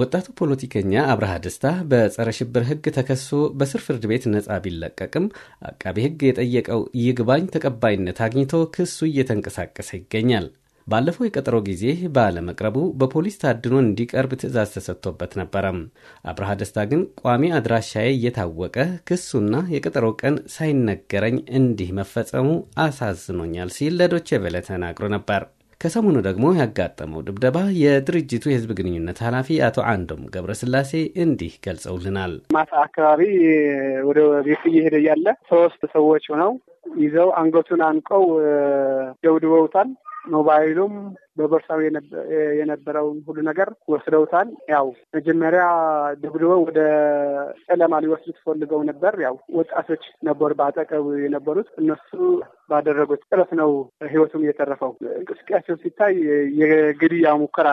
ወጣቱ ፖለቲከኛ አብርሃ ደስታ በጸረ ሽብር ህግ ተከሶ በስር ፍርድ ቤት ነጻ ቢለቀቅም አቃቤ ህግ የጠየቀው ይግባኝ ተቀባይነት አግኝቶ ክሱ እየተንቀሳቀሰ ይገኛል። ባለፈው የቀጠሮ ጊዜ ባለመቅረቡ በፖሊስ ታድኖ እንዲቀርብ ትዕዛዝ ተሰጥቶበት ነበረም። አብርሃ ደስታ ግን ቋሚ አድራሻዬ እየታወቀ ክሱና የቀጠሮ ቀን ሳይነገረኝ እንዲህ መፈጸሙ አሳዝኖኛል ሲል ለዶቼ ቬለ ተናግሮ ነበር። ከሰሞኑ ደግሞ ያጋጠመው ድብደባ የድርጅቱ የህዝብ ግንኙነት ኃላፊ አቶ አንዶም ገብረስላሴ እንዲህ ገልጸውልናል። ማታ አካባቢ ወደ ቤት እየሄደ ያለ ሶስት ሰዎች ሆነው ይዘው አንገቱን አንቀው ደብድበውታል። ሞባይሉም በቦርሳው የነበረውን ሁሉ ነገር ወስደውታል። ያው መጀመሪያ ደብድበው ወደ ጨለማ ሊወስዱት ፈልገው ነበር። ያው ወጣቶች ነበሩ በአጠገቡ የነበሩት እነሱ ባደረጉት ጥረት ነው ህይወቱም የተረፈው። እንቅስቃሴው ሲታይ የግድያ ሙከራ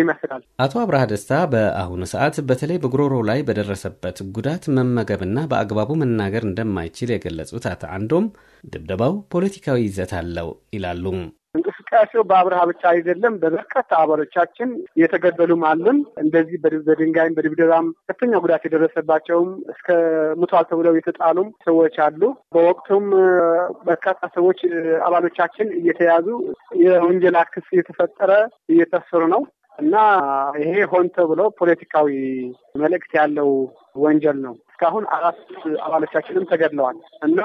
ይመስላል። አቶ አብርሃ ደስታ በአሁኑ ሰዓት በተለይ በጉሮሮ ላይ በደረሰበት ጉዳት መመገብና በአግባቡ መናገር እንደማይችል የገለጹት አቶ አንዶም ድብደባው ፖለቲካዊ ይዘት አለው ይላሉ። እንቅስቃሴው በአብርሃ ብቻ አይደለም፣ በበርካታ አባሎቻችን የተገደሉም አለን። እንደዚህ በድንጋይም በድብደባም ከፍተኛ ጉዳት የደረሰባቸውም እስከ ሙቷል ተብለው የተጣሉም ሰዎች አሉ። በወቅቱም በርካታ ሰዎች አባሎቻችን እየተያዙ የወንጀል ክስ እየተፈጠረ እየታሰሩ ነው እና ይሄ ሆን ተብሎ ፖለቲካዊ መልእክት ያለው ወንጀል ነው። እስካሁን አራት አባሎቻችንም ተገድለዋል እና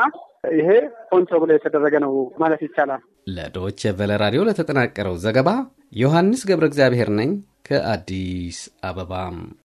ይሄ ሆን ተብሎ የተደረገ ነው ማለት ይቻላል። ለዶች ቨለ ራዲዮ ለተጠናቀረው ዘገባ ዮሐንስ ገብረ እግዚአብሔር ነኝ ከአዲስ አበባ።